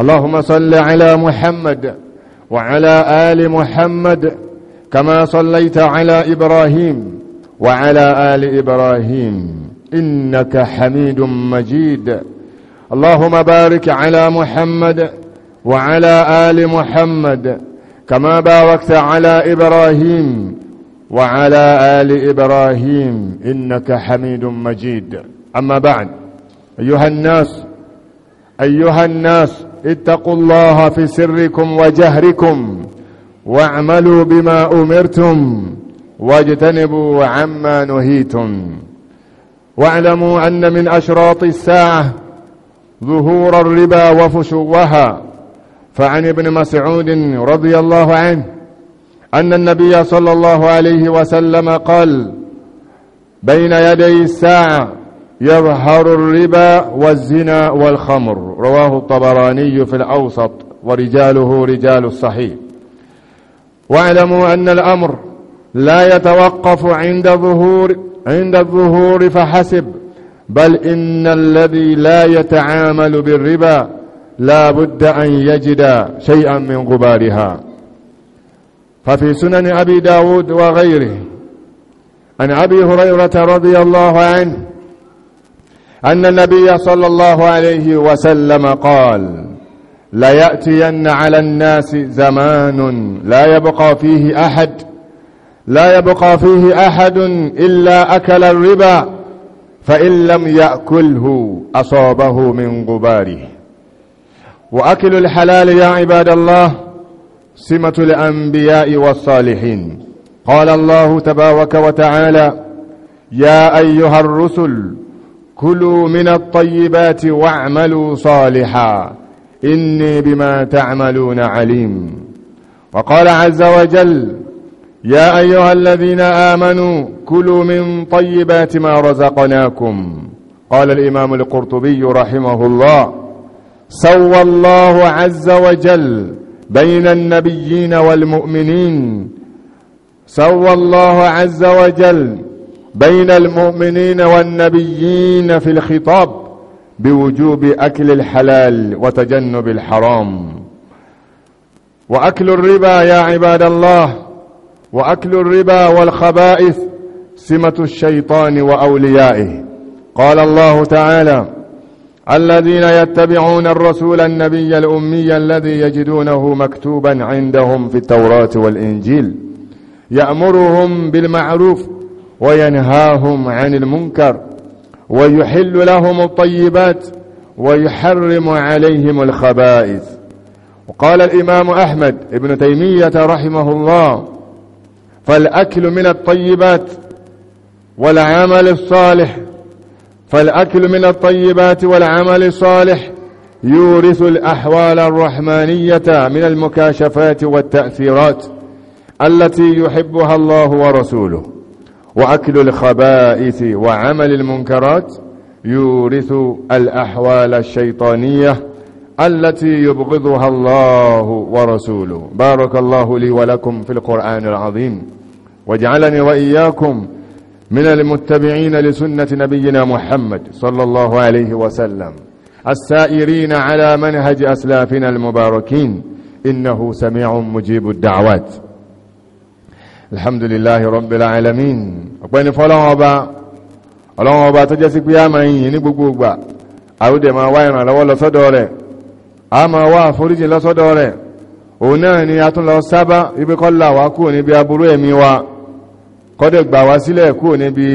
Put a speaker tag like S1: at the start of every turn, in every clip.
S1: اللهم صل على محمد وعلى آل محمد كما صليت على إبراهيم وعلى آل إبراهيم إنك حميد مجيد اللهم بارك على محمد وعلى آل محمد كما باركت على إبراهيم وعلى آل إبراهيم إنك حميد مجيد أما بعد أيها الناس أيها الناس اتقوا الله في سركم وجهركم واعملوا بما أمرتم واجتنبوا عما نهيتم واعلموا أن من أشراط الساعة ظهور الربا وفشوها فعن ابن مسعود رضي الله عنه أن النبي صلى الله عليه وسلم قال بين يدي الساعة يظهر الربا والزنا والخمر رواه الطبراني في الأوسط ورجاله رجال الصحيح واعلموا أن الأمر لا يتوقف عند ظهور عند الظهور فحسب بل إن الذي لا يتعامل بالربا لا بد أن يجد شيئا من غبارها ففي سنن أبي داود وغيره عن أبي هريرة رضي الله عنه أن النبي صلى الله عليه وسلم قال ليأتين على الناس زمان لا يبقى فيه أحد لا يبقى فيه أحد إلا أكل الربا فإن لم يأكله أصابه من غباره وأكل الحلال يا عباد الله سمة الأنبياء والصالحين قال الله تبارك وتعالى يا أيها الرسل كلوا من الطيبات واعملوا صالحا إني بما تعملون عليم وقال عز وجل يا أيها الذين آمنوا كلوا من طيبات ما رزقناكم قال الإمام القرطبي رحمه الله سوى الله عز وجل بين النبيين والمؤمنين سوى الله عز وجل بين المؤمنين والنبيين في الخطاب بوجوب أكل الحلال وتجنب الحرام وأكل الربا يا عباد الله وأكل الربا والخبائث سمة الشيطان وأوليائه قال الله تعالى الذين يتبعون الرسول النبي الأمي الذي يجدونه مكتوبا عندهم في التوراة والإنجيل يأمرهم بالمعروف وينهاهم عن المنكر ويحل لهم الطيبات ويحرم عليهم الخبائث وقال الإمام أحمد ابن تيمية رحمه الله فالأكل من الطيبات والعمل الصالح فالأكل من الطيبات والعمل الصالح يورث الأحوال الرحمانية من المكاشفات والتأثيرات التي يحبها الله ورسوله وأكل الخبائث وعمل المنكرات يورث الأحوال الشيطانية التي يبغضها الله ورسوله بارك الله لي ولكم في القرآن العظيم واجعلني وإياكم من المتبعين لسنة نبينا محمد صلى الله عليه وسلم السائرين على منهج أسلافنا المباركين إنه سميع مجيب الدعوات alhamdulillahi rabbil alamin ọpẹ́ ni fọ́lọ́wọ́n ọba ọlọ́wọ́n ọba tó jẹ́ sí pé a máa yìn ní gbogbo ìgbà àwúdẹ̀ máa wá ìrànlọ́wọ́ lọ́sọ́dọ̀ rẹ̀ a máa wá àforíjì lọ́sọ́dọ̀ rẹ̀ òun náà ni a tún lọ sábà wípé kọ́lá wá kúrò níbi aburú ẹ̀mí wa kọ́dẹ̀ gbà wá sílẹ̀ kúrò níbi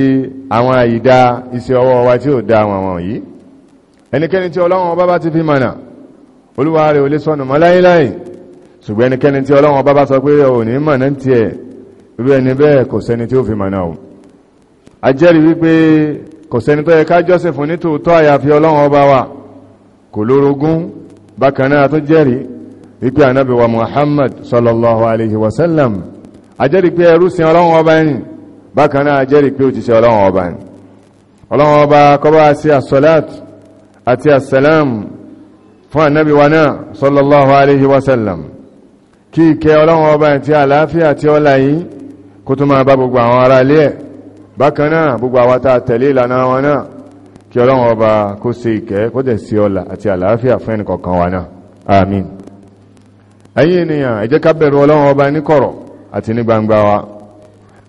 S1: àwọn àyídá iṣẹ́ ọwọ́ wa tí ó dá àwọn àwọn yìí ẹnikẹ́ni tí ọlọ́wọ́n ọba bá ti fi bá sọ pé ò ní mọ̀nà tiẹ̀ bíbẹ́ ni bẹ́ẹ̀ kò sẹ́ni tí ó fi mọ̀nà o a jẹ́rìí wípé kò sẹ́ni tó yẹ ká jọ́sẹ̀ fún ní tòótọ́ àyàfi ọlọ́run ọba wa kò lórogún bákan tó jẹ́rìí wípé ànábì Muhammad sallallahu alaihi wasallam a jẹ́rìí pé ẹrú sin ọlọ́run ọba ni bákan náà a jẹ́rìí pé òjíṣẹ́ ọlọ́run ọba ni ọlọ́run ọba kọba sí sallallahu alaihi wasallam kí ìkẹ́ ọlọ́run ọba àti àlàáfíà àti ọlá yìí kó tó máa bá gbogbo àwọn ará ilé ẹ̀ bákan náà gbogbo àwa tẹ̀lé ìlànà wọn náà kí ọlọ́run ọba kó ṣe ìkẹ́ kó dẹ̀ sí ọlà àti àlàáfíà fún ẹnì wa náà àmín ẹ̀yin ènìyàn ẹ jẹ́ ká bẹ̀rù ọlọ́run ọba ní kọ̀rọ̀ àti ní gbangba wa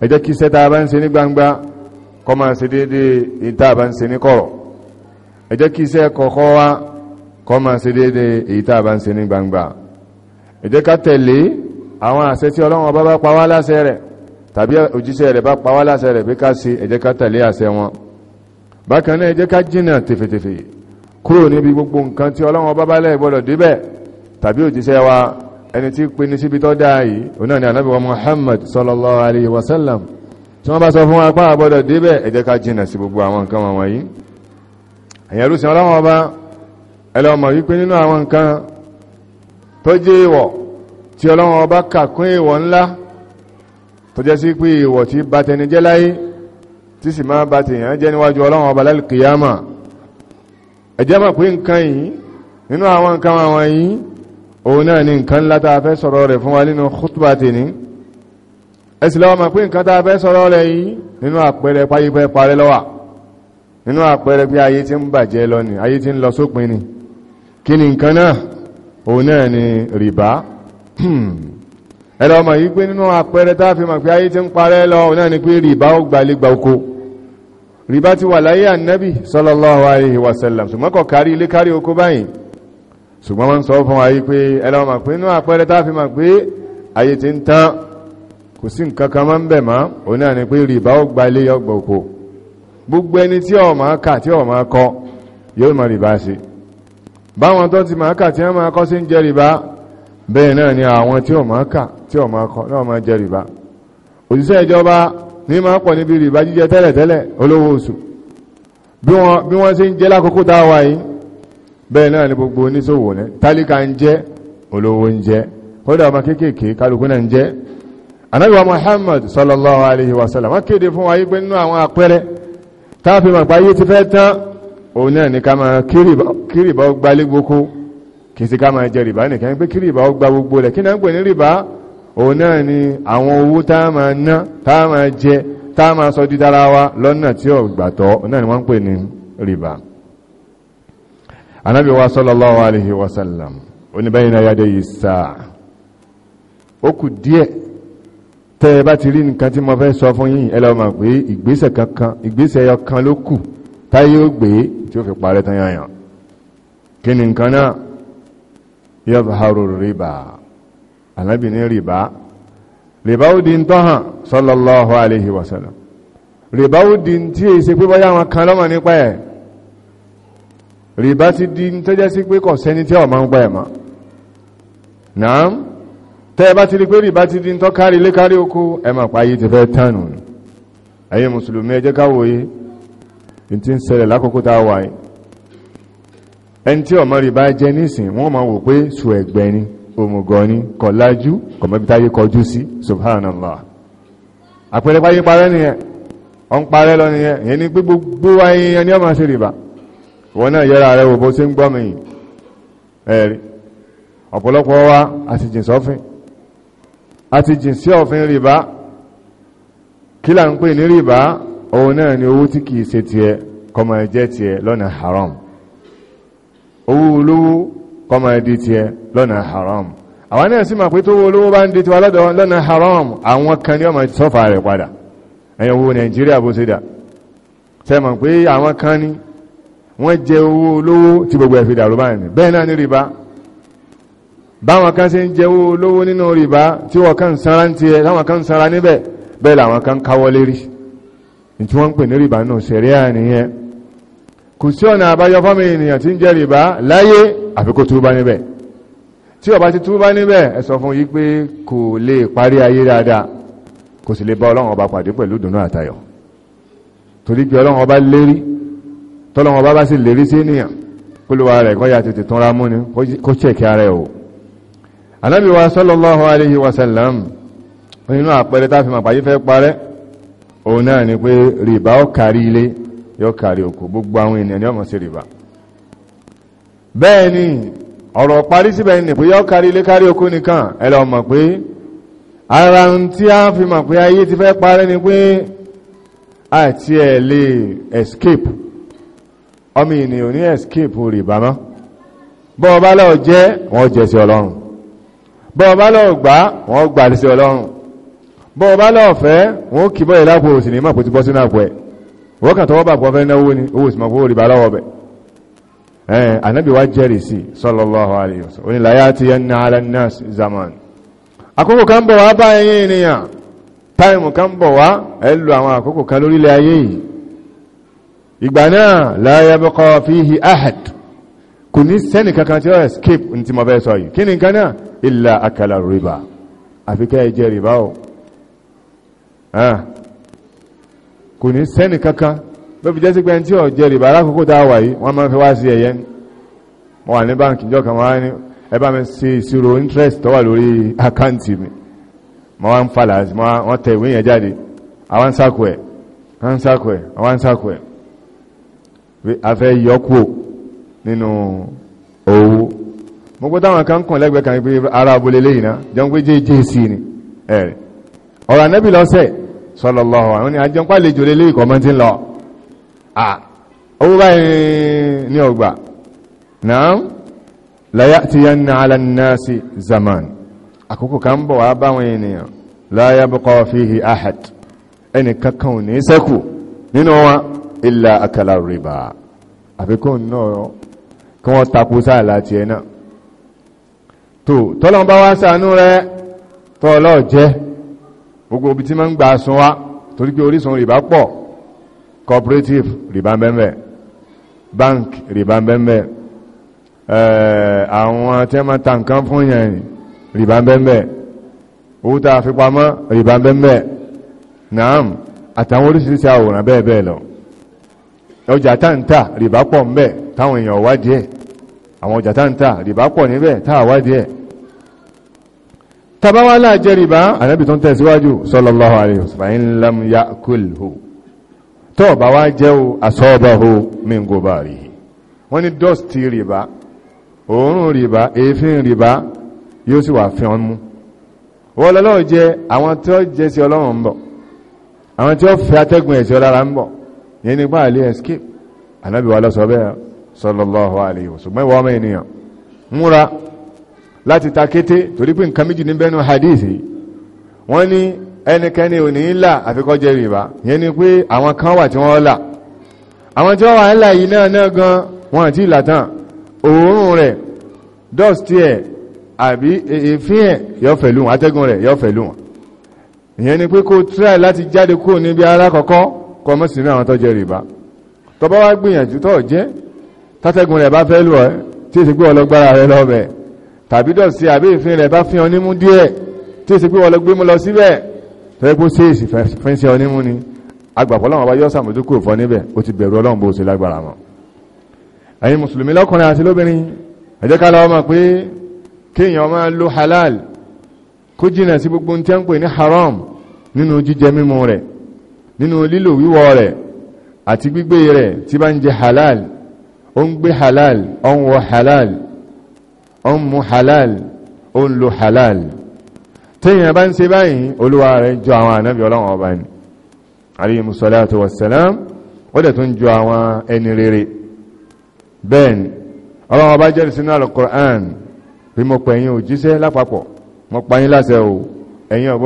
S1: ẹ jẹ́ kí iṣẹ́ tá a bá ń ṣe ní gbangba kó máa ṣe déédéé tá a bá ń ṣe ní kọ̀rọ̀ ẹ jẹ́ kí iṣẹ́ kọ̀ọ̀kọ́ wa kó máa ṣe déédéé èyí bá ń ṣe ní gbangba ẹ ká tẹ̀lé àwọn àṣẹ tí ọlọ́run ọba bá pa wá láṣẹ rẹ̀ tàbí òjíṣẹ́ rẹ̀ bá pawá láṣẹ rẹ̀ pé ká ṣe ẹ jẹ́ ká tẹ̀lé àṣẹ wọn bákan náà ẹ jẹ́ ká jìnà tèfètèfè kúrò níbi gbogbo nǹkan tí Ọlọ́run bá gbọ́dọ̀ débẹ̀ tàbí òjíṣẹ́ wa ẹni tí pe ní síbi tó dáa yìí òun ni ànábì Muhammad sallallahu alayhi wa sallam tí wọ́n bá sọ fún wa pé a gbọ́dọ̀ débẹ̀ ẹ jẹ́ ká jìnà sí gbogbo àwọn nǹkan wọn wọ̀nyí ẹ̀yẹ̀rú sí Ọlọ́run tó jẹ́ sí pé ìwọ̀ tí bá tẹni jẹ́ láyé tí sì máa bá tèèyàn jẹ́ níwájú ọlọ́run ọba lálùkìyàmà ẹjẹ́ mọ̀ pé nǹkan yìí nínú àwọn nǹkan àwọn yìí òun náà ni nǹkan ńlá tá a fẹ́ sọ̀rọ̀ rẹ̀ fún wa nínú khutba tèní ẹsì lọ́wọ́ mọ̀ pé nǹkan tá fẹ́ sọ̀rọ̀ rẹ̀ yìí nínú àpẹẹrẹ ẹ̀lọ́ ọmọ yìí pé nínú àpẹẹrẹ tá fi mọ̀ pé ayé ti ń parẹ́ lọ náà ni pé rìbá ó gbalégba oko rìbá ti wà láyé ànábì sallallahu alaihi wasallam ṣùgbọ́n kò kárí ilé kárí oko báyìí ṣùgbọ́n wọ́n sọ fún wa yìí pé ẹ̀lọ́ ọmọ pé nínú àpẹẹrẹ tá fi mọ̀ pé ayé ti ń tán kò sí nǹkan ni pé rìbá ó gbalé báwọn tó ti máa kà tí wọ́n máa kọ́ sí ń jẹ rìbá bẹ́ẹ̀ náà ni àwọn tí ó máa kà tí ọmọ akọ náà máa jẹ rìbá òṣìṣẹ́ ìjọba ní máa pọ̀ níbi rìbá jíjẹ tẹ́lẹ̀tẹ́lẹ̀ olówó oṣù bí wọ́n ṣe ń jẹ́ lákòókò tá a wà yìí bẹ́ẹ̀ náà ni gbogbo oníṣòwò ní tálíkà ń jẹ́ olówó ń jẹ́ kódà ọmọ kéékèèké kálukú náà ń jẹ́ Ànábì wa Muhammad sallallahu alaihi wasallam wọ́n kéde fún wa yí pé nínú àwọn àpẹẹrẹ táàfin màgbá yé ti fẹ́ tán òun náà ní ká máa kírìbá ó gbalé gboko kìí sí ká máa jẹ rìbá nìkan pé kírìbá ó gba gbogbo rẹ̀ kí náà ń pè ní rìbá òun náà ni àwọn owó tá a máa ná tá a máa jẹ tá a máa sọ dídára wa lọ́nà tí ò gbàtọ́ òun náà ni wọ́n ń pè ní rìbá anábì wa sallallahu alaihi wasallam oníbẹ̀yìn ayáde yìí sáà ó kù díẹ̀ tẹ́ ẹ bá ti rí nǹkan tí mo fẹ́ sọ fún yín ẹ pé ìgbésẹ̀ kankan ìgbésẹ̀ ẹyọ kan ló kù táyé ó gbé tí ó fi parẹ́ tán yàn kí ni nǹkan náà yadhharu rìbá ànábì ní rìbá rìbá ó di ń tọ́hàn sallallahu alaihi wasallam rìbá ó di ń tí èyí ṣe pé bọ́yá wọn kan lọ́mọ nípa ẹ̀ rìbá ti di ń tẹ́jẹ́ sí pé kò sẹ́ni tí ọmọ ń pa ẹ̀ mọ́ náà tẹ́ bá ti rí pé rìbá ti di ń tọ́ kárí lé kárí oko ẹ̀ pa yìí ti fẹ́ tánù ẹ̀yin mùsùlùmí ẹ jẹ́ ká wòye ní ti ń ṣẹlẹ̀ lákòókò tá a wà yìí ẹni tí ọmọ rìbá jẹ nísìn wọ́n máa wò pé sùn ẹ̀gbẹ́ òmùgọ̀ni kọ̀lájú kọ̀mọ́bítáyé kọjú sí subhanallah àpẹẹrẹ báyé parẹ́ nìyẹn ọ ń parẹ lọ nìyẹn èyí ni pé gbogbo ayẹyẹ ni ọmọ ṣe rìbá wọn náà yẹra rẹ wò bó ṣe ń mi wa àti jìn àti jìn sí rìbá kí là ń pè ní rìbá òun náà ni owó tí kìí ṣe tiẹ̀ kọmọ ẹ̀jẹ̀ haram owó olówó lọ́nà haram àwọn náà sì máa pé tó olówó bá ń di tiwa lọ́dọ̀ lọ́nà haram àwọn kan ní ọmọ sọ́fà rẹ̀ padà ẹ̀yàn wo Nàìjíríà bó ṣe dà sẹ́mọ̀ pé àwọn kan ní wọ́n jẹ owó olówó tí gbogbo ẹ̀fì dàrú báyìí bẹ́ẹ̀ náà ní rìbá báwọn kan ṣe ń jẹ owó olówó nínú rìbá tí wọ́n kan sanra ti ẹ̀ láwọn kan sanra níbẹ̀ bẹ́ẹ̀ kò sí ọ̀nà àbáyọ fọ́mì ènìyàn ń jẹ rìbá láyé àfikótó bá níbẹ̀ tí ó bá ti túbá níbẹ̀ ẹ sọ fún yí pé kò lè parí ayé dáadáa kò sì lè bá ọlọ́run ọba pàdé pẹ̀lú ìdùnnú àtayọ̀ torí pé ọlọ́run ọba lérí tọ́lọ́run ọba bá sì lérí sí ènìyàn kó rẹ̀ kọ́ ya tètè tán ra ni kó chẹ̀kí ara ẹ̀ o anábì alayhi wa sallam nínú àpẹẹrẹ tá a fi ni pé rìbá ó kárí ilé yóò kárí ni ọmọ sí rìbá bẹ́ẹ̀ ọ̀rọ̀ parí síbẹ̀ ní pé yọ́ kárí ilé kárí okú nìkan ẹlọ mọ̀ pé ara ń tí a fi mọ̀ pé ayé ti fẹ́ parẹ́ ni pé àti ẹ̀ lè escape ọmọ ènìyàn ní escape rìbá mọ́ bọ́ ọba lọ jẹ́ wọ́n jẹ́ sí ọlọ́run bọ́ ọba lọ gbá wọ́n gbà sí ọlọ́run bọ́ ọba lọ fẹ́ wọ́n kì bọ́ ìlápò òsì ní mọ̀ pé ti bọ́ sínú àpò ẹ̀ wọ́n kà tọwọ́ bà pọ̀ fẹ́ náwó ni owó sì pé ó rìbá lọ́wọ́ bẹ̀ anabi wa jẹ́rìí sí sallallahu alayhi wa sallam onílàyà ti yẹn ní ala nas zaman àkókò kan bọ̀ wá bá ẹ̀yin ènìyàn táìmù kan bọ̀ wá ẹ lò àwọn àkókò kan lórílẹ̀ ayé yìí ìgbà náà la yabqa fihi ahad kò ní sẹ́nì kankan tí ó escape ní tí mo bẹ́ sọ yìí kí ni illa akala riba àfikẹ́ ẹjẹ́ rìbá o ah. kò ní sẹ́nì kankan ló fi jẹ́ sí pé tí ọ̀ jẹ́ rìbá alákòókò tá a wà yìí wọ́n máa ń fi wá sí ẹ̀yẹ́ ni wà ní báǹkì ìjọ kan wá ní ẹ mi ṣe ìṣirò interest tó wà lórí àkáǹtì mi mo wá ń falà sí wọ́n tẹ ìwé yẹn jáde àwọn sáko ẹ̀ àwọn sáko ẹ̀ àwọn sáko ẹ̀ a fẹ́ yọkù nínú owó mo gbọ́ táwọn kan kàn lẹ́gbẹ̀ẹ́ kan pé ara abúlé lẹ́yìn náà jẹun owó báyìí ọgba! ọgbà Laya láyá ti yán ní alannasi zaman Akụkụ kan bọ̀ wá báwọn ènìyàn láyá bọ́kọ́ fíhì ahad ẹni kankan ní sẹ́kù nínú wọn ilá akala rìbá àfikún nnọọ kí wọ́n takú sáà láti ẹ̀nà tó tọ́lọ́n bá wá sànú rẹ tọ́ọ̀lọ́ jẹ́ gbogbo obi tí ma ń gbà sun wá torí pé orísun rìbá pọ̀ cooperative rìbá bẹ́ẹ̀ bank rìbá bẹ́ẹ̀ eh, àwọn tí wọ́n ta nǹkan fún yẹn rìbá bẹ́ẹ̀ owó tá a fi pamọ́ rìbá bẹ́ẹ̀ naam àtàwọn oríṣiríṣi àwòrán bẹ́ẹ̀ bẹ́ẹ̀ lọ ọjà táǹtà rìbá pọ̀ ń bẹ táwọn èèyàn wádìí ẹ̀ àwọn ọjà táǹtà rìbá pọ̀ níbẹ̀ táà wádìí ẹ̀ tàbáwálà jẹ́ rìbá ànábì tó ń tẹ̀síwájú sallallahu alaihi wasallam lam ya'kulhu tó bá wá jẹ́ o asọ́bọ̀hó mingoba rí wọ́n ní dọ́stì rìbá òórùn rìbá èéfín rìbá yóò sì wà fi ọmú wọ́n lọ́lọ́ jẹ́ àwọn tí ó jẹ́ sí ọlọ́run ń bọ̀ àwọn tí ó fẹ́ atẹ́gùn ẹ̀sẹ̀ ọlára ń bọ̀ yẹn nípa àlẹ́ escape anábì wa lọ́sọ bẹ́ẹ̀ sallallahu alaihi ṣùgbọ́n ìwọ ọmọ ènìyàn múra láti ta kété torí pé ẹnikẹ́ni ò ní là àfikọ́jẹ́ rìbá yẹn ni pé àwọn kan wà tí wọ́n là àwọn tí wọ́n wà ńlá yìí náà náà gan wọ́n àti ìlàtàn òórùn rẹ̀ dọ́ọ̀sì ẹ̀ àbí èéfín ẹ̀ yọ fẹ̀lú wọn atẹ́gùn rẹ̀ yọ fẹ̀lú wọn ìyẹn ni pé kó tíráì láti jáde kúrò níbi ara kọ̀kọ́ kọ mọ́ sí ní tàbí dọ̀sí àbí èéfín rẹ̀ bá fi hàn nímú díẹ̀ tí èsì pé ọlọ́gbé mú lọ síbẹ̀ fẹ́gbó sèèsì fẹ́ǹsì onímú ni agbàpọ̀ láwọn ọba yọ́ sàmójúkò fọ́ níbẹ̀ ó ti bẹ̀rù ọlọ́run bó ṣe lágbára mọ́ ẹ̀yin mùsùlùmí lọ́kùnrin àti lóbìnrin ẹ jẹ́ ká lọ́wọ́ mọ̀ pé kéèyàn máa lo halal kó jìnà sí gbogbo tí a ń pè ní haram nínú jíjẹ mímu rẹ̀ nínú lílò lo halal téèyàn bá ń ṣe báyìí olúwa rẹ̀ jọ àwọn ànábì ọlọ́run ọba ni alayhi salatu wassalam ó dẹ̀ tún jọ àwọn ẹni rere bẹ́ẹ̀ ni ọlọ́run ọba jẹ́rìí sínú al-Qur'an bí mo pẹ̀yìn òjíṣẹ́ lápapọ̀ mo pàyín láṣẹ o ẹ̀yin ò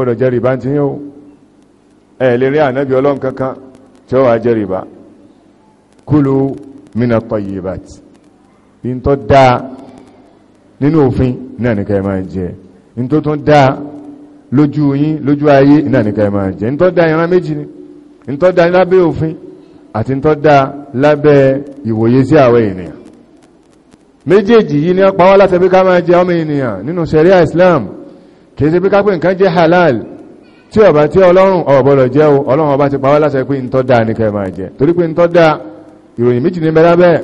S1: gbọ́dọ̀ ní tó tún dáa lójú yín lójú ayé náà ní kẹma jẹ ní tó dá ìran méjì ni ní tó dá lábẹ́ òfin àti ní tó dá lábẹ́ ìwòye sí àwọn ènìyàn méjèèjì yìí ní ọpá wá láti pé ká máa jẹ ọmọ ènìyàn nínú sẹ̀ríà Islam kìí ṣe pé ká pé nǹkan jẹ́ halal tí ọba tí ọlọ́run ọ̀bọ̀lọ̀ jẹ́ o ọlọ́run ọba ti pa wá láti pé ní tó dá ní kẹma jẹ torí pé ní tó dá ìròyìn méjì ní bẹ́lábẹ́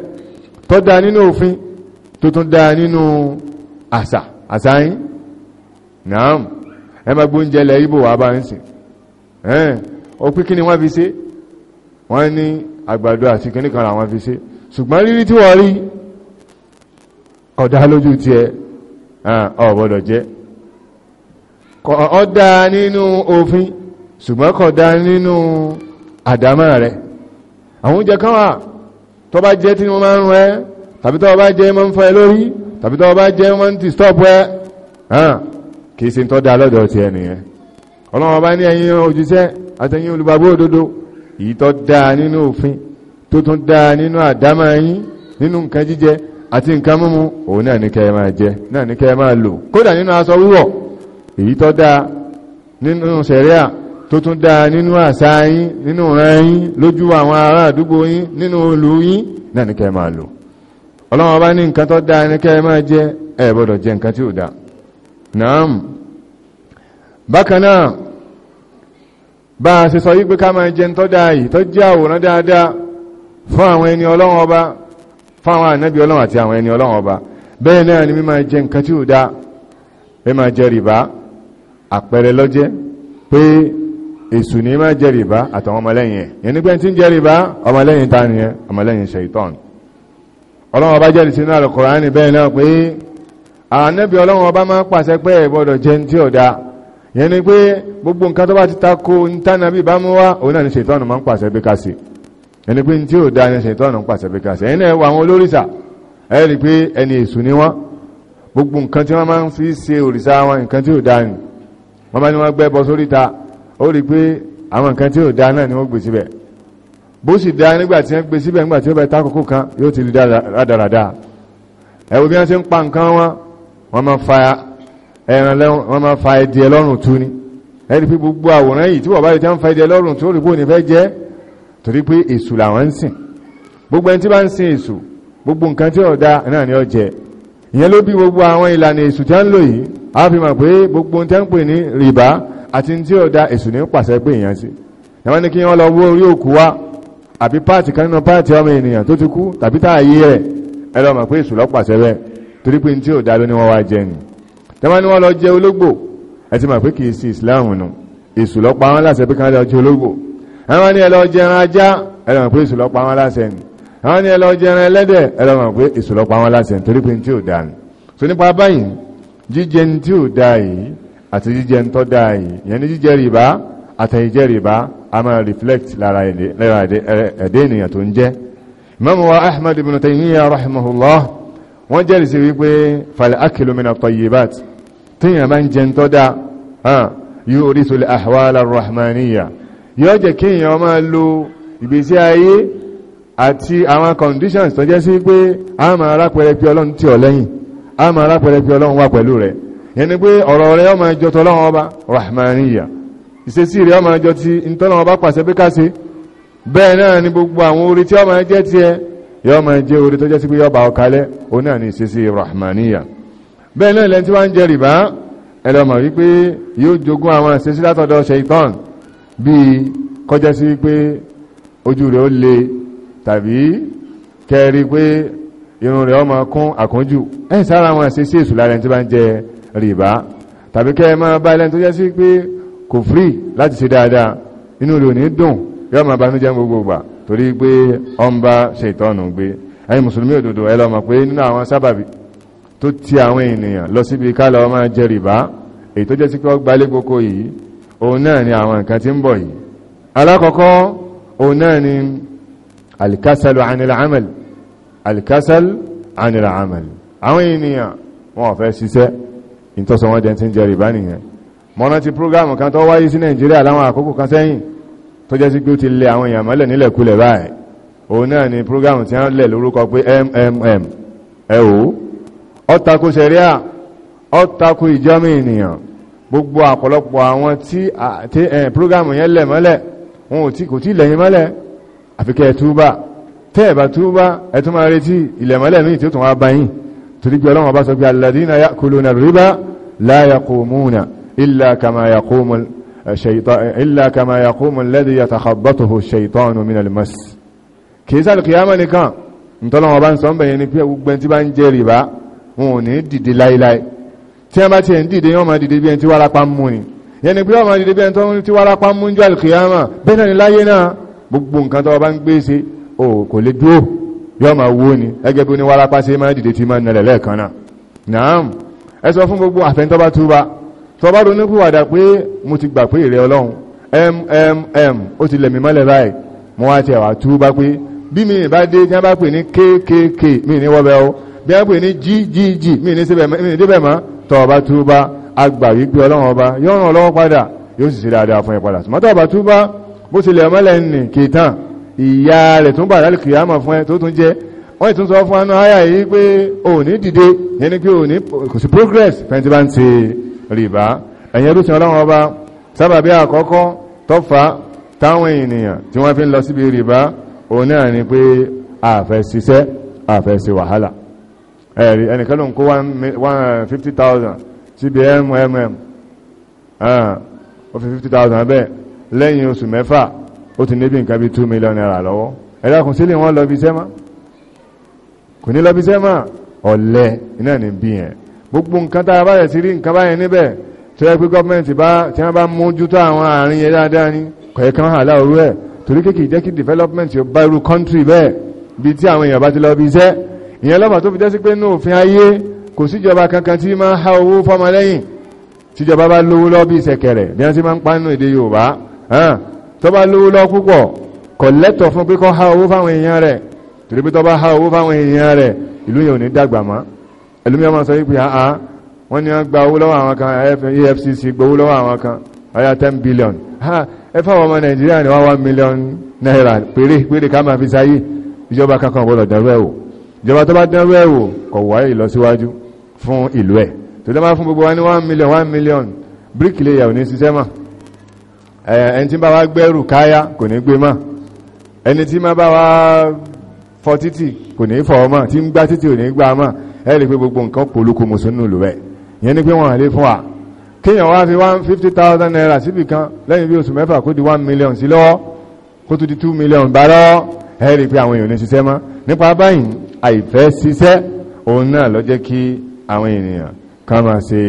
S1: tó dá nínú òfin tó tún nínú àṣà àṣà yín naam ẹ ma gbóúnjẹ ilẹ̀ Ìgbò wà bá ń sìn ẹ́n o kí ni wọ́n fi ṣe wọ́n ní àgbàdo àti kíní kan làwọn fi ṣe ṣùgbọ́n rírí tí wọ́n rí ọ̀dá lójú ti ẹ ọ̀bọ̀dọ̀ jẹ́ ọ̀dá nínú òfin ṣùgbọ́n kọ̀dá nínú àdámà rẹ̀ àwọn oúnjẹ kan wà tó bá jẹ́ tí wọ́n máa ń rún ẹ́ tàbí tó bá jẹ́ mọ́ ń fọ́ ẹ lórí tàbí tó bá jẹ́ mọ́ ń ti stop ẹ́ kìí ṣe tọ́ da lọ́dọ̀ ti ẹnìyẹn ọlọ́run ọba ní ẹ̀yin òjíṣẹ́ àtẹ̀yin òdodo da nínú òfin tó tún da nínú àdámà yín nínú nǹkan jíjẹ àti nǹkan mímu òun náà ní kẹ́ máa jẹ náà ní máa lò kódà nínú aṣọ wíwọ̀ èyí tọ́ da nínú sẹ̀ríà tó tún da nínú àṣà yín nínú ìran yín lójú àwọn ará àdúgbò yín nínú yín náà ní máa lò ọlọ́run ọba nǹkan tọ́ da ní ẹ gbọ́dọ̀ jẹ nǹkan tí ò da. naam bákanáà bá a ṣe sọ wípé ká máa jẹ tọ́ dáa yìí tọ́ jẹ́ àwòrán dáadáa fún àwọn ẹni ọlọ́run ọba fún àwọn ànábì ọlọ́run àti àwọn ẹni ọlọ́run ọba bẹ́ẹ̀ náà ni mi máa jẹ nǹkan tí ò dáa ẹ máa jẹ rìbá àpẹẹrẹ lọ́jẹ́ pé èsù ní máa jẹ rìbá àtàwọn ọmọlẹ́yìn ẹ̀ yẹn nígbẹ́ tí ń jẹ rìbá ànẹ́bí ọlọ́run ọba máa pàṣẹ pé ẹ̀bọ́dọ̀ jẹ́ tí ọ̀dá yẹn ni pé gbogbo nǹkan tó bá ti tako ntánàbí bá mú wá òun náà ni ṣètọ́nù máa ń pàṣẹ bí kásì yẹn ni pé tí ọ̀dá ni ṣètọ́nù ń pàṣẹ bí kásì ẹ̀yìn náà wà àwọn olórìṣà ẹ̀ rí pé ẹni èṣù ni wọ́n gbogbo nǹkan tí wọ́n máa ń fi ṣe òrìṣà wọn nǹkan tí ọ̀dá ni wọ́n bá ní wọ́n gbẹ́ bọ sóríta ó rí pé àwọn nǹkan tí ọ̀dá náà ni wọ́n gbé síbẹ̀ bó sì dá nígbà tí wọ́n gbé síbẹ̀ nígbà tí ó bẹ tákòókò kan yóò ti rí dáradára ẹ wo bí wọ́n ṣe ń pa nǹkan wọn wọ́n máa fa ẹran lẹ́rùn wọ́n máa fa ẹdìẹ lọ́rùn tú ni ẹni pé gbogbo àwòrán yìí tí wọ́n bá rí tán fa ẹdìẹ lọ́rùn tó rí ní fẹ́ jẹ́ torí pé èṣù làwọn ń sìn gbogbo ẹni tí bá ń sìn èṣù gbogbo nǹkan tí ọ̀dá náà ni ó jẹ ìyẹn ló bí gbogbo àwọn ìlànà èṣù tí a ń lò yìí a fi mọ̀ pé gbogbo ohun tí a ń pè ní rìbá àti tí ọ̀dá èṣù ní pàṣẹ pé èèyàn sí ẹ̀wọ́n ní kí wọ́n lọ wó orí òkú wa àbí páàtì kan nínú páàtì ọmọ ènìyàn tó ti kú tàbí táàyè rẹ̀ ẹ lọ mọ̀ pé èṣù ló bẹ́ẹ̀ torí pé tí ò dá ló ní wọ́n wá jẹ ni tẹ́wọ́n ni wọ́n lọ jẹ ológbò ẹ ti mọ̀ pé kìí sí Islam nù èṣù ló pa wọ́n láṣẹ pé kí wọ́n lọ jẹ ológbò àwọn ni ẹ lọ jẹ ẹran ajá ẹ lọ mọ̀ pé èṣù ló pa wọ́n láṣẹ ni àwọn ni ẹ lọ jẹ ẹran ẹlẹ́dẹ̀ ẹ lọ pé èṣù ló láṣẹ ni torí pé tí ò dá ni so nípa báyìí jíjẹ tí ò dá yìí àti jíjẹ tó dá yìí yẹn ni jíjẹ wọ́n jẹ́rìí sí wípé falẹ̀ akìlómìnà tọ̀yìbát tíyàn bá ń jẹ tó dá yóò rí sólè àhwàlá rahmaniya yóò jẹ́ kí èyàn máa lo ìgbésí ayé àti àwọn conditions tó jẹ́ sí pé a máa rápẹrẹ pé ọlọ́run tí ọ lẹ́yìn a máa rápẹrẹ pé ọlọ́run wà pẹ̀lú rẹ̀ yẹn pé ọ̀rọ̀ rẹ̀ ọmọ ẹjọ́ tọ́lọ́run ọba rahmaniya ìṣesí rẹ̀ ọmọ ẹjọ́ ti ń tọ́lọ́run ọba pàṣẹ pé ká bẹ́ẹ̀ náà ni gbogbo àwọn orí tí ọmọ ẹjẹ́ tiẹ̀ yọ́ ma jẹ́ orí tó jẹ́ sí pé yọ́ bá ọkalẹ́ ó náà ní ìṣesí rahmaniya bẹ́ẹ̀ náà lẹ́ni tí wọ́n ń jẹ rìbá ẹlọ́mọ̀ wípé yóò jogún àwọn ìṣesí látọ̀dọ̀ ṣaitan bíi kọjá sí wípé ojú rẹ̀ ó le tàbí kẹrí pé irun rẹ̀ ó máa kún àkúnjù ẹ̀ sára àwọn ìṣesí èṣù lára ẹni tí wọ́n ń jẹ rìbá tàbí kẹ́ máa bá ẹlẹ́ni tó jẹ́ sí pé kò frí láti ṣe dáadáa inú rẹ̀ ò ní dùn yọ́ máa banújẹ́ gbogbo torí pé ọmba ṣe ìtọ́nù gbé ẹ̀yin mùsùlùmí òdodo ẹ lọ mọ̀ pé nínú àwọn sábàbí tó ti àwọn ènìyàn lọ síbi kálọ̀ ọmọ jẹ rìbá èyí tó jẹ́ sí pé ó gbalé kókó yìí òun náà ni àwọn nǹkan tí ń bọ̀ yìí alákọ̀ọ́kọ́ òun náà ni alikasalu anilamal alikasal anilamal àwọn ènìyàn wọn fẹ́ ṣiṣẹ́ ìtọ́sọ wọn jẹ́ ti ń jẹ nìyẹn mọ́nà ti prógámù kan tó wáyé sí nàìjíríà láwọn àkókò kan sẹ́yìn tó jẹ́ sí pé ó ti lé àwọn èèyàn mọ́lẹ̀ nílẹ̀kulẹ̀ báyìí òun náà ni program tí wọ́n lẹ̀ lórúkọ pé mmm ẹ̀wò ọ́tako sẹ̀ríà ọ́tako ìjọ́mì ènìyàn gbogbo àpọ̀lọpọ̀ àwọn tí program yẹn lẹ̀ mọ́lẹ̀ wọn ò tí kò tí lẹ̀yìn mọ́lẹ̀ àfikẹ́ túbà tẹ́ẹ̀bà túbà ẹ̀tún máa retí ilẹ̀ الشيطان إلا كما يقوم الذي يتخبطه الشيطان من المس كيسا القيامة لكان ntọ́lọ́wọ́ bá ń sọ ń bẹ̀yẹn ni pé gbogbo tí bá ń jẹ́ rìbá wọn ò ní dìde láíláí tí a bá ti ń dìde yọ́n máa dìde bí ẹni tí wárápá ń mú ni yẹni pé wọ́n máa dìde bí ẹni tí wárápá ń mú jọ alìkìyàmà bẹ́ẹ̀ náà ni láyé náà gbogbo nǹkan tó bá ń gbé ṣe ò kò lè dúró yọ́ máa wó ni ẹgẹ́ bí oní wárápá ṣe máa dìde tí máa nalẹ̀ lẹ́ẹ̀kan náà ẹ sọ fún gbogbo àfẹ́ntọ́ bá túbá tó bá ronú kúwàdà pé mo ti gbà pé ìrẹ ọlọ́run mmm ó ti lẹ̀mí mọ́lẹ̀ báyìí mo wá ti ẹ̀wà tú bá pé bí mi bá dé tí wọ́n bá pè ní kkk mi ní wọ́bẹ̀ o bí wọ́n pè ní ggg mi ní débẹ̀ mọ́ tó bá tú bá agbà wípé ọlọ́run ọba yóò ràn ọlọ́run padà yóò sì sí dáadáa fún ẹ padà ṣùgbọ́n tó bá tú bá bó ti lẹ̀ mọ́lẹ̀ nì kìtàn ìyá rẹ̀ tún bà lálẹ́ kìyàmọ̀ tún sọ fún anú ayà yìí pé òní dìde yẹni pé òní kò sí progress fẹ́ntì bá ń ṣe rìbá ẹ̀yìn ẹrú sin ọlọ́run ọba sábàbí àkọ́kọ́ tọ́fà táwọn ènìyàn tí wọ́n fi ń lọ síbi rìbá òun náà ni pé àfẹ́ ṣiṣẹ́ àfẹ́ ṣe wàhálà ẹ̀rí ẹnìkan ló ń kó 150,000 síbi mmm ó fi 50,000 bẹ́ẹ̀ lẹ́yìn oṣù mẹ́fà ó ti níbi nǹkan bí 2 million naira lọ́wọ́ ẹ̀dàkùn sílẹ̀ wọ́n lọ bí sẹ́mà kò ní lọ bí sẹ́mà ọ̀lẹ iná ní bí yẹn gbogbo nǹkan tá a bá yẹ̀ sí rí nǹkan báyẹn níbẹ̀ tó yẹ pé gọ́ọ̀mẹ̀ntì bá tí wọ́n bá mójútó àwọn àárín yẹn dáadáa ní kọ̀ọ̀kan hàn láòrú ẹ̀ torí kéèkì jẹ́ kí development yóò bá irú country bẹ́ẹ̀ bí tí àwọn èèyàn bá ti lọ bí iṣẹ́ ìyẹn lọ́pàá tó fi jẹ́ sí pé ní òfin ayé kò síjọba kankan tí máa há owó fọ́mọ lẹ́yìn tíjọba bá lówó lọ bí ìṣẹ̀kẹ̀rẹ̀ bí wọ́n ti máa ń pa èdè Yorùbá tó bá lówó lọ púpọ̀ kò lẹ́tọ̀ fún pé kó há owó fáwọn èèyàn rẹ̀ torí pé tó bá há owó fáwọn èèyàn rẹ̀ ìlú yẹn ò ní dàgbà mọ́ ẹlòmíà máa sọ wípé àá wọ́n ní wọ́n gba owó lọ́wọ́ àwọn kan EFCC gbowó lọ́wọ́ àwọn kan ọ̀yà ten billion ha ẹ fáwọn ọmọ Nàìjíríà ní wọ́n one million naira péré péré ká máa fi sáyé ìjọba kankan gbọ́dọ̀ dẹrú ẹ̀wò ìjọba tó bá dẹrú ẹ̀wò kọ̀ wáyé ìlọsíwájú fún ìlú ẹ̀ tó dá máa fún gbogbo wa ní one million one million bíríkì lè yà ò ní ṣiṣẹ́ mà ẹni tí bá wá gbẹ́rù káyá kò ní gbé mà ẹni tí má bá wá fọ títì kò ní fọ mà tí ń gbá títì ò ní gbá mà ẹ rí i pé gbogbo nǹkan polúkú mùsùlùmí lò bẹ́ẹ̀ ìyẹn ni pé wọ́n lè fún wa kéèyàn wá fi one fifty thousand naira síbì kan lẹ́yìn bí oṣù mẹ́fà kó di one million sí lọ́wọ́ kó tó di two million bá lọ́wọ́ ẹ rí i pé àwọn èèyàn ní ṣiṣẹ́ mọ́ nípa báyìí àìfẹ́ ṣiṣẹ́ òun náà ló jẹ́ kí àwọn ènìyàn kan máa ṣe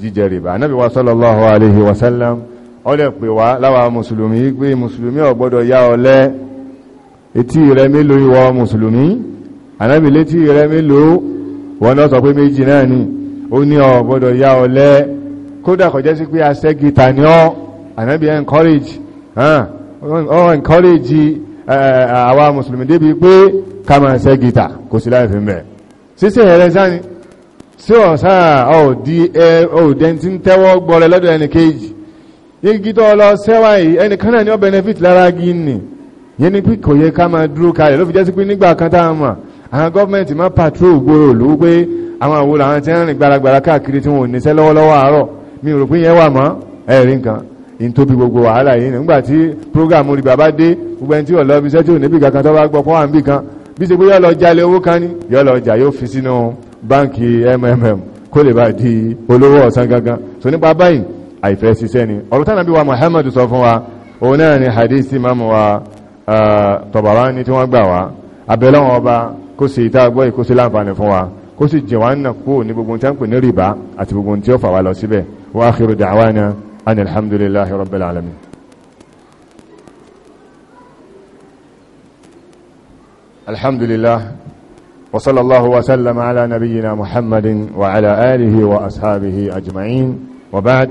S1: jíjẹ rìbá anábì wa sallallahu alayhi wa sallam ó lè pè wá láwa mùsùlùmí pé mùsùlùmí ò gbọ́dọ̀ yá ọ̀lẹ etí rẹ mélòó ìwọ mùsùlùmí anábì létí rẹ mélòó wọ́n lọ sọ pé méjì náà ni ó ní ọ gbọ́dọ̀ ya ọ̀lẹ kódà kọjẹ́ sí pé aṣẹ́gi ta ni ọ́ ànábì encourage ọ encourage àwa mùsùlùmí débi pé ká máa ṣẹ́gi ta kò sí láì fi mẹ́ sísẹ́ ẹ̀rẹ́ sáni sí ọ̀sá ọ̀dẹ́ntí ń tẹ́wọ́ gbọ́rẹ lọ́dọ̀ ẹni kéjì igi tó lọ sẹ́wà benefit lára gíní yẹn ni pé kò yẹ ká máa dúró kalẹ̀ ló fi jẹ́ sí pé nígbà kan mọ̀ àwọn gọ́ọ̀mẹ̀ntì má patrol gbòòrò ló pé àwọn àwọn làwọn ti ń rìn gbaragbara káàkiri tí wọn ò níṣẹ́ lọ́wọ́lọ́wọ́ àárọ̀ mi ò rò pé yẹn wà mọ́ ẹ̀rí nǹkan in tó bí gbogbo wàhálà yìí nígbà tí program orí bàbá dé gbogbo ẹni tí ọ̀lọ́ ibi iṣẹ́ tí ò níbi kankan tó bá gbọ́ pọ́ wà kan bí ṣe pé yọ́ lọ jalè owó kan ní yọ́ lọ jà yóò fi sínú báǹkì mmm kó lè bá di olówó ọ̀sán gangan so nípa báyìí àìfẹ́ ṣiṣẹ́ ni ọ̀rọ̀ tánàbí wa Muhammadu sọ fún wa òun náà ni hadith imam wa uh, Tabarani tí wọ́n gbà wá abẹ́lọ́wọ́n ọba kó sì ìta gbọ́ ìkó sí láǹfààní fún wa kó sì jẹ̀ wá ń nà kúrò ní gbogbo tí a ń pè ní rìbá àti gbogbo tí ó fà wá lọ síbẹ̀ wa akhiru da'wana an alhamdulillahi rabbil alamin alhamdulillah wa sallallahu wa sallama ala nabiyyina muhammadin wa ala alihi wa ashabihi ajma'in wa ba'd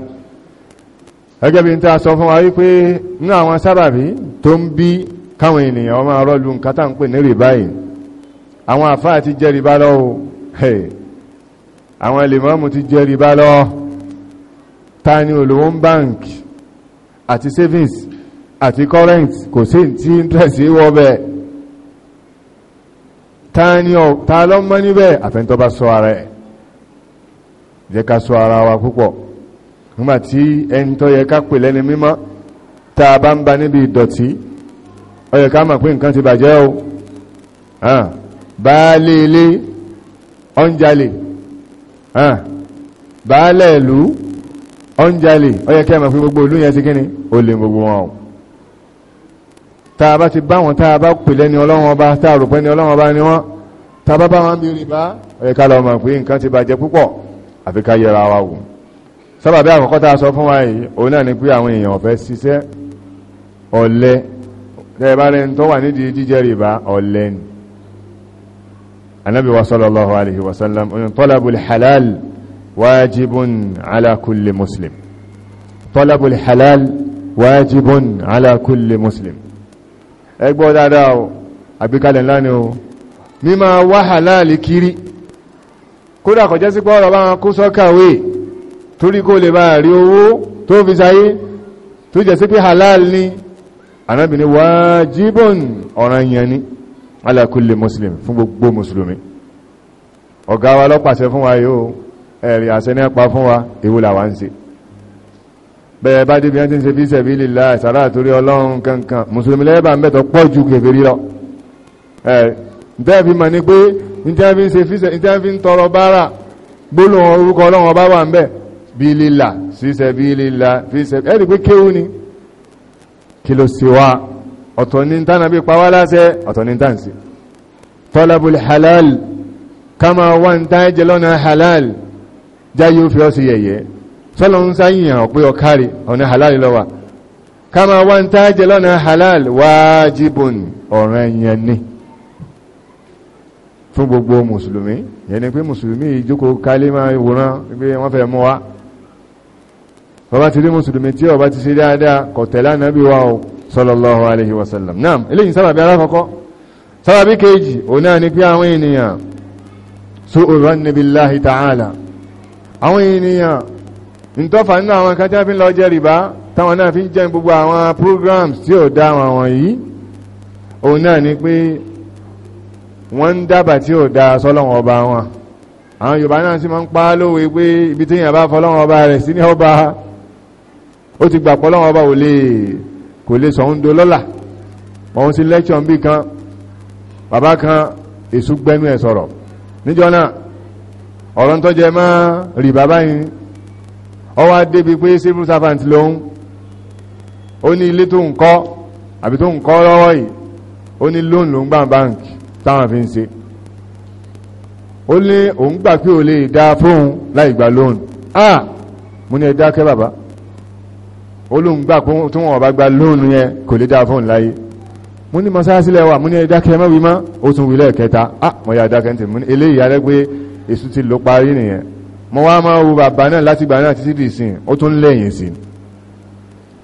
S1: gẹ́gẹ́ bí n ta sọ fún wa wípé ní àwọn sábàbí tó ń bí káwọn ènìyàn ọmọ arọ́lù nǹkan tá ń pè ní rìbá yìí àwọn àfáà ti jẹ́ ribá lọ́wọ́ àwọn lèmọ́mù ti jẹ́ ribá lọ́wọ́ ta ni olówó ń bank àti savings àti current kò sí tí interest wọ́ bẹ́ẹ̀ ta ni ọ̀ ta lọ mọ́ níbẹ̀ àfẹ́ntọ́ bá sọ ara ẹ̀ jẹ́ ká sọ ara wa púpọ̀ nígbàtí ẹni yẹ ká pè lẹ́ni mímọ́ ta bá ń ba níbi ìdọ̀tí ó mọ̀ pé nǹkan ti bàjẹ́ o baálé ilé ọ́njalè baálẹ̀ ìlú ọ́njalè ọyẹ́kẹ́ mọ̀ fún gbogbo olú yẹn ti kíni ó lè gbogbo wọn o tàbá ti bá wọn tàbá pè lẹ́ni ọlọ́run ọba tààrùpẹ́ ni ọlọ́run ọba ni wọ́n tàbá bá wọn bí rìbá ẹ̀ka lọ mọ̀ pé nǹkan ti bàjẹ́ púpọ̀ àfi ká yẹra wa wò sábàbí àkọ́kọ́ tá sọ fún wa yìí òun náà ni pé àwọn èèyàn ọ̀fẹ́ ṣiṣẹ́ ọ̀lẹ tẹ́ẹ̀bá rẹ̀ ń tọ́ wà nídìí jíjẹ rìbá ọ̀lẹ ni anábì wa sallallahu alaihi wasallam oyin tọ́lábùl halal wájibun ala kulli muslim tọ́lábùl halal wájibun ala kulli muslim ẹgbọ́ dáadáa o àgbékalẹ̀ ńlá ni o mímá wá halal kiri kódà kọjá sí pọ́ọ̀rọ̀ bá kó sọ́kàwé torí kó lè bá rí owó tó fi sáyé tó jẹ́ sí pé halal ni anábì ni wájibun ọ̀ranyàn ni ala kulli muslim fún gbogbo mùsùlùmí ọ̀gá wa lọ́pàṣẹ fún wa yóò ẹ̀rì àṣẹ ní ẹpa fún wa èwo là ń ṣe bẹ̀rẹ̀ bá débi ẹni tí ń ṣe fi sabilillah ìsàrá àtúrí ọlọ́run kankan mùsùlùmí lẹ́yìn mẹ́tọ̀ pọ̀ ju kèfèrí lọ ẹ̀rì ma ní pé ìjẹ́ fi ń tọrọ bára gbólóhùn orúkọ ọlọ́run ọba wà ń bẹ̀ bílílà sí sabilillah fi sabilillah ẹ̀rì pé kéwú ọ̀tọ̀ ní tánàbí pàwà láṣẹ ọ̀tọ̀ ní tánàbí tọ́lábùl halal kama wá ń tán ẹjẹ lọ́nà halal jáyé ó fi ọ́ sí yẹ̀yẹ́ sọ́lọ ń sáyìyàn ọ̀pẹ́ ọ̀kárí ọ̀nà halal lọ́wà kama wá ń tán ẹjẹ lọ́nà halal wájibun ọ̀ranyàn ni fún gbogbo mùsùlùmí yẹni pé mùsùlùmí ìjókòó kálé máa wòrán pé wọ́n fẹ́ mú wa bàbá ti rí mùsùlùmí tí ó ti ṣe dáadáa kọ̀tẹ̀lá náà bí wa o sallallahu alaihi wasallam náà eléyìí sábàbí alákọ̀ọ́kọ́ sábàbí kejì o náà ni pé àwọn ènìyàn su'u zanni billahi ta'ala àwọn ènìyàn ń tọ́fà nínú àwọn kan tí wọ́n fi lọ jẹ rìbá táwọn náà fi jẹ́ gbogbo àwọn programs tí ó dá wọn wọ̀nyí o náà ni pé wọ́n ń dábà tí ó dá sọ́lọ́wọ́n ọba wọn kò lè sọ̀hún do lọ́là wọ́n sí lẹ́kṣọ̀ bí kan bàbá kan èsù gbẹ́nu ẹ̀ sọ̀rọ̀ níjọ́ náà ọ̀rọ̀ tó jẹ máa rí bàbá yìí ọwá débi pé civil servant lòun ó ní ilé tó ń kọ́ àbí tó ń kọ́ lọ́wọ́ yìí ó ní loan lòun gbà báńkì táwọn fi ń ṣe ó ní òun gbà pé ò lè dá fóun láì gba loan ah mo ní ẹ dákẹ́ bàbá olóǹgbà tí wọ́n bá gba lóònù yẹn kò lè dá fóònù láyé mú ní mọ́sáàsí lẹ́wà mú ní ẹ̀dákẹ́ mẹ́wìí mọ́ ó tún wílẹ̀ kẹta ah ya dákẹ́ tí mú ní eléyìí alẹ́ pé èsù ti lò parí nìyẹn mọ́ wá máa wo bàbá náà láti gbà náà títí dì sí ó tún lẹ́yìn sí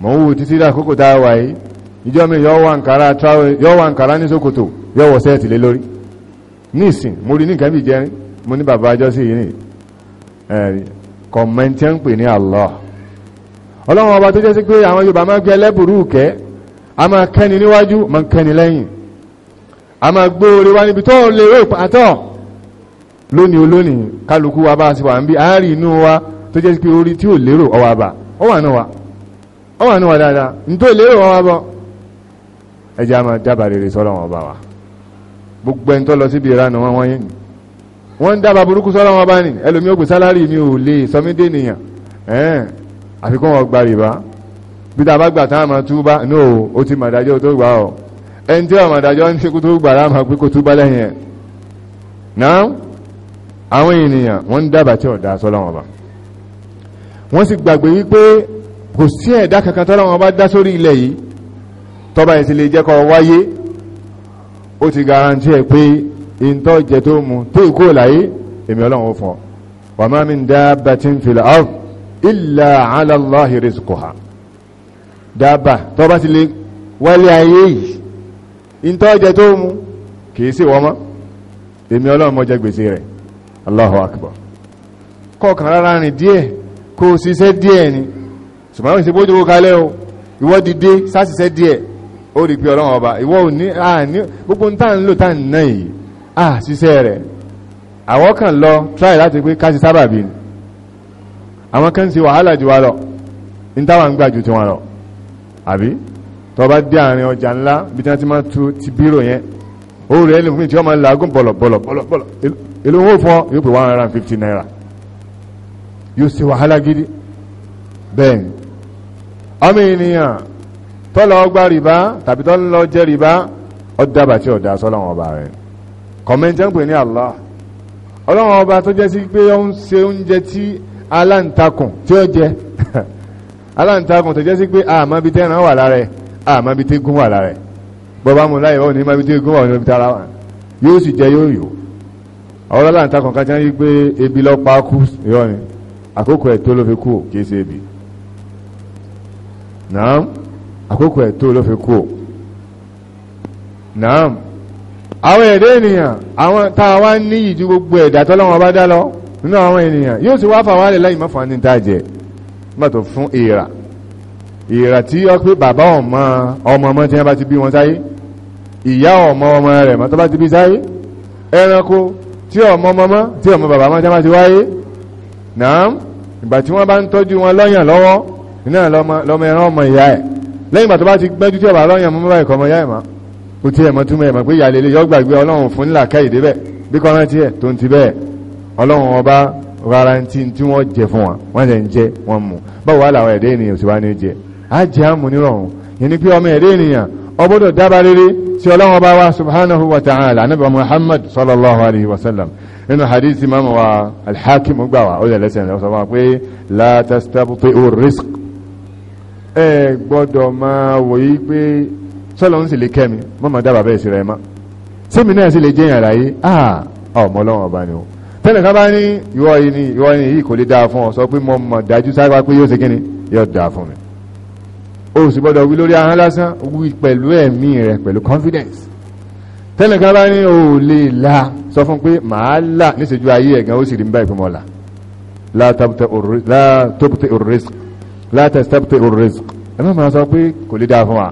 S1: mọ́ wo títí dàkókò tá a wà yìí ìjọ mi yọ wà nkàrá ní ṣòkòtò yọ wọ sẹ́ẹ̀tì lé lórí ní mo rí ní bí jẹrin mo ní bàbá ajọ́ yìí ní kọ̀mẹ́ntẹ́ ń pè ní Allah ọlọ́run ọba tó jẹ́ sí pé àwọn yorùbá máa gbé ẹlẹ́bùrú a máa kẹ́ni níwájú máa kẹ́ni lẹ́yìn a máa gbé orí wa níbi tó lè lónìí olónìí kálukú wa bá a sì wà ń bí inú wa tó jẹ́ sí pé orí tí ò lérò ọwà bà ó wà wa ó wà wa dáadáa ní tó lérò ọwà a máa dábàá rere wa gbogbo ẹni tó lọ síbi wọ́n wọ́n ń dábàá burúkú ọba ẹlòmí mi ò àfikún ọgbà rìbá peter abagba tá a máa túbá no o ti màdájọ́ tó gbà ọ́ ẹni tí ọmọ àdájọ́ ń ṣekú tó gbà láàmà pé kó túbá lẹ́yìn ẹ̀ náà àwọn ènìyàn wọ́n ń dábàá tí ọ̀dà sọ́lọ́wọ́n bá wọ́n sì gbàgbé wípé kò sí ẹ̀dá kankan tọ́lọ́wọ́n bá dá sórí ilẹ̀ yìí tọ́ba ẹ̀sìn lè jẹ́ kọ́ wáyé ó ti garanti ẹ̀ pé ìntọ́jẹ tó mu tó ìkó láyé èmi ọlọ́run ó fọ́ wàmá min dabbatin fil ard illa ala Allahi rizquha dábà tó bá ti lè wálé ayé yìí ìntọ́jẹ tó mú kìí sí wọ́mọ́ èmi ọlọ́run mọ́ jẹ gbèsè rẹ̀ Allahu akbar kọkàn rárá rìn díẹ̀ kó o ṣiṣẹ́ díẹ̀ ni ṣùgbọ́n ìṣe bójú wo kalẹ́ o ìwọ dìde sáṣiṣẹ́ díẹ̀ ó rí pé ọlọ́run ọba ìwọ ò ní àní gbogbo ń tà lò tà ń yìí à rẹ̀ àwọn lọ try láti pé ká sábàbí ni àwọn kan ṣe wàhálà jù wá lọ ní táwọn ń gbà ju tiwọn lọ àbí tó bá dé àárín ọjà ńlá bí tí wọ́n ti tu ti bírò yẹn ó rẹ̀ ẹlòmíì tí wọ́n máa làágùn bọ̀lọ̀ bọ̀lọ̀ bọ̀lọ̀ naira yóò ṣe gidi bẹ́ẹ̀ ni ọmọ ènìyàn tó lọ gba rìbá tàbí tó lọ jẹ rìbá ọ̀dàbà tí Allah ọlọ́wọ́n ọba tó jẹ́ sí aláǹtakùn tí ó jẹ aláǹtakùn tó jẹ́ sí pé àmọ́ bí tẹ́ran wà lára ẹ̀ àmọ́ bí tẹ́gún wà lára ẹ̀ bọ́bá mu láyé wọ́n ní má bí tẹ́gún wà ní tara wà yóò sì jẹ yóò yò àwọn aláǹtakùn kan jẹ́ pé ebi lọ pa kú irọ́ ni àkókò ẹ̀ tó ló fi kú kìí ṣe ebi naam àkókò ẹ̀ tó ló fi kú naam àwọn ẹ̀dẹ́ ènìyàn àwọn táwa ní ìjú gbogbo ẹ̀dá tọ́lọ́wọ́n bá dá lọ nínú àwọn ènìyàn yóò sì wá fàwálẹ̀ lẹ́yìn mọ́fà ní dájẹ́ mọ́tò fún ìrà ìrà tí ó pé bàbá ọmọ ọmọ ọmọ tí wọ́n bá ti bí wọn sáyé ìyá ọmọ ọmọ rẹ̀ mọ́tò bá ti bí sáyé ẹranko tí ọmọ ọmọ mọ́ tí ọmọ bàbá mọ́ tí wọ́n ti wáyé náà ìgbà tí wọ́n bá ń tọ́jú wọn lọ́yàn lọ́wọ́ iná lọ́mọ ẹran ọmọ ìyá ẹ̀ lẹ́yìn ìgbà tó bá ti gbẹ́jú tí ọba lọ́yàn mọ́ báyìí kọmọ ìyá ọlọ́run ọba garanti tí wọ́n jẹ fún wa wọ́n jẹ ń jẹ wọ́n mú báwo wà láwọn ẹ̀dẹ́ ènìyàn òṣèwà ní jẹ á jẹ àmú nírọ̀rùn yẹn ni pé ọmọ ẹ̀dẹ́ ènìyàn ọgbọ́dọ̀ dábà rere ọlọ́run ọba wa subhanahu wa ta'ala anabi muhammad sallallahu alayhi wa sallam nínú hadith imam wa alhakim gbà wá ó lè lẹ́sẹ̀ lọ́sọ wa pé la tastabti'u rizq ẹ gbọ́dọ̀ máa wòye pé sọ́lọ́run sì lè kẹ́mi mọ́mọ́ dábà bẹ́ẹ̀ sí rẹ̀ mọ́ sẹ́mi náà sì lè jẹ́yàn láyé ah ọmọ ọlọ́run ọba ni o tẹ́lẹ̀ ká bá ní ìwọ yìí ni ìwọ yìí yìí kò lè dáa fún ọ sọ pé mo mọ̀ dájú sáré pé yóò ṣe kí ni yóò dáa fún mi o sì gbọ́dọ̀ wí lórí ahọ́n lásán wí pẹ̀lú ẹ̀mí rẹ̀ pẹ̀lú confidence tẹ́lẹ̀ ká bá ní o lè la sọ fún pé màá là níṣẹ́jú ayé ẹ̀gán ó sì rí báyìí pé mo là látàbùtẹ̀ òrìṣk látàbùtẹ̀ òrìṣk ẹ má máa sọ pé kò lè dáa fún wa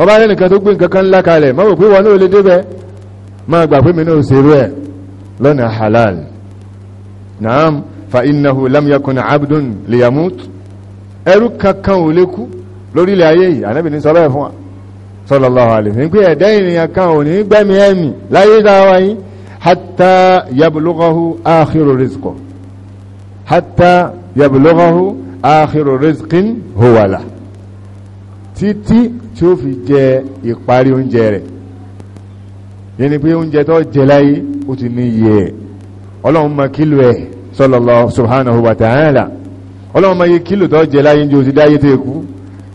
S1: ọba lẹ́nìkan tó gbé nǹkan kan ńlá kalẹ̀ má wò pé wọn náà lè débẹ̀ má gbà pé mi náà ṣerú lọ́nà halal naam fa innahu lam yakun abdun liyamut ẹrú kankan ò lè kú lórílẹ̀ ayé yìí ànábì ní sọ́lọ́ ẹ̀fún wa sallallahu alaihi ní pé ẹ̀dá ènìyàn kan ò ní gbẹ́mí ẹ̀mí láyé dáwà yìí hatta yablughahu akhiru rizqo hatta yablughahu akhiru rizqin huwa la títí tí ó fi jẹ ìparí oúnjẹ rẹ̀ yẹni pé oúnjẹ tó jẹ láyé ó ti ní yẹ ọlọ́run ma kílò ẹ̀ sallallahu subhanahu wa ta'ala ọlọ́run ma yẹ kílò tó jẹ láyé jò ti dáyé tó kú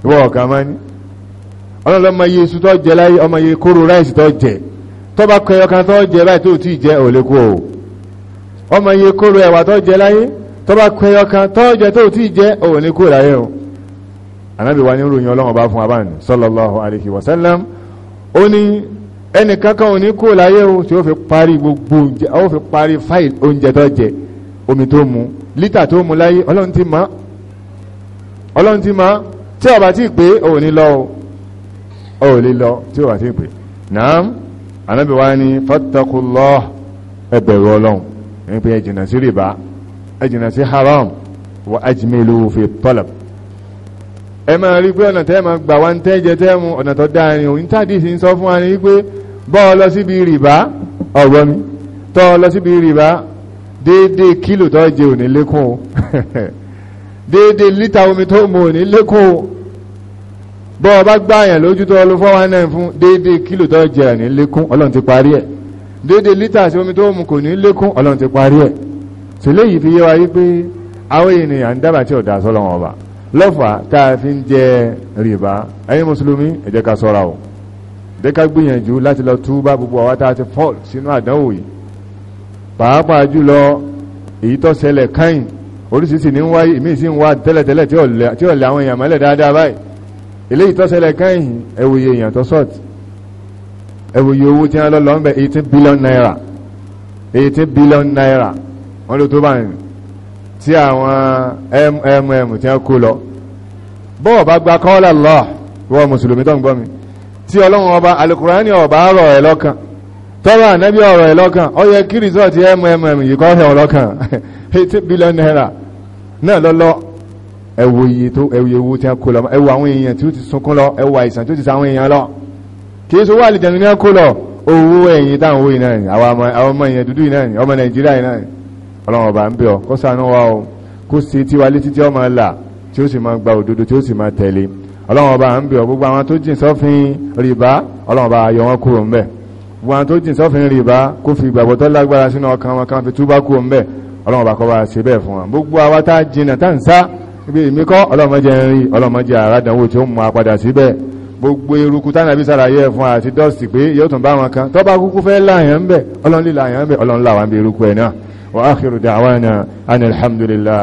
S1: ìwọ ọ̀kan máa ní ọlọ́run ma yẹ isu tó jẹ láyé ọmọ yẹ kóró ráìsì tó jẹ tó bá kọ ẹyọkan tó jẹ báyìí tó tí jẹ òlékú o ọmọ yẹ kóró ẹwà tó jẹ láyé tó bá kọ ẹyọkan tó jẹ tó tí jẹ òlékú láyé o anábìwá ní ròyìn ọlọ́run bá fún abáni sallallahu alaihi wasallam ó ní ẹnì kankan ò ní kó láyé o tí ó fi parí gbogbo oúnjẹ ó fi parí fáìlì oúnjẹ tó jẹ omi tó mu lítà tó mu láyé ọlọ́run ti mọ̀ ọlọ́run ti mọ̀ tí ọba ti pé ò lọ o ò lè lọ tí ọba ti pé naam anábì ni fattakullah ẹ bẹ̀rù ọlọ́run ẹni sí rìbá ẹ sí haram wa ajmilu fi talab ẹ máa rí pé ọ̀nà tẹ́ máa gbà wá ń tẹ́ jẹ tẹ́ mu ọ̀nà tó dáa ni òun tàdí sí ń sọ fún wa ni wípé bọ́ lọ síbi rìbá ọ̀gbọ́ mi tọ́ lọ síbi rìbá déédé kílò tó jẹ òní lékún o déédé lítà omi tó mọ òní lékún o bọ́ ọba gbáyàn lójú tó lọ 419 fún déédé kílò tó jẹ òní lékún ọlọ́run ti parí ẹ̀ déédé lítà sí omi tó mú kò ní lékún ọlọ́run ti parí ẹ̀ tí léyìí fi yé wa yí pé ká ṣọ́ra o dẹ́ka gbìyànjú láti lọ túbá gbogbo àwa tá a ti fall sínú àdánwò yìí pàápàá jùlọ èyí tó ṣẹlẹ̀ káyìn oríṣiríṣi ní wáyé ìmí sí ń wá tẹ́lẹ̀tẹ́lẹ̀ tí ọ̀lẹ̀ àwọn èèyàn mọ́lẹ̀ dáadáa báyìí eléyìí tó ṣẹlẹ̀ káyìn ẹwòye èèyàn tó sọ́ọ̀tì ẹwòye owó tí wọ́n lọ lọ ń bẹ 18 billion naira 18 billion naira wọ́n ló tó bá ń tí àwọn mm tí wọ́n kó lọ bọ́ọ̀ bá gba kọ́ọ́lá lọ́ọ̀ wọ́n mùsùlùmí tó ń gbọ́ mi tí ọlọ́run ọba alukurani ọba rọ̀ ẹ̀ lọ́kàn tọ́rọ ànábí ọ̀rọ̀ ẹ̀ lọ́kàn ó yẹ kí rìsọ́ọ̀tì mmm yìí kọ́ ẹ̀ ọlọ́kàn 80 billion naira náà lọ́lọ́ ẹ̀wò iye tó ẹ̀wò ewu tí a kó lọ ẹ̀wò àwọn èèyàn tí ó ti sunkún lọ ẹ̀wò àìsàn tí ó ti sa àwọn èèyàn lọ kì í sowó àlìjẹ̀nu ní kó lọ owó ẹ̀yìn táwọn owó ìnáyìn àwọn ọmọ ìyẹn wa o kó ṣe tiwa létí tí ó máa là ọlọ́run ọba ń bẹ̀ ọ gbogbo àwọn tó jìn sọ́fin rìbá ọlọ́run ọba yọ wọn kúrò ńbẹ̀ gbogbo àwọn tó jìn sọ́fin rìbá kó fi ìgbàgbọ́ tó lágbára sínú ọkàn wọn kan fi túbá kúrò ńbẹ̀ ọlọ́run ọba kọ́ bá ṣe bẹ́ẹ̀ fún wọn gbogbo àwa tá a jìnà tá n sá ibi èmi kọ́ ọlọ́mọdé ń rí ọlọ́mọdé àràdánwò tí ó mú apadà síbẹ̀ gbogbo eruku tánàbí sàlàyé ẹ̀fún àti dọ́ọ̀sì pé yóò tún bá wọn kan tọ́ba kúkú fẹ́ láàyàn ń bẹ̀ ọlọ́run líla ń bẹ̀ ọlọ́run làwọn bí eruku ẹ̀ náà wa akhiru da'wana anil hamdulillah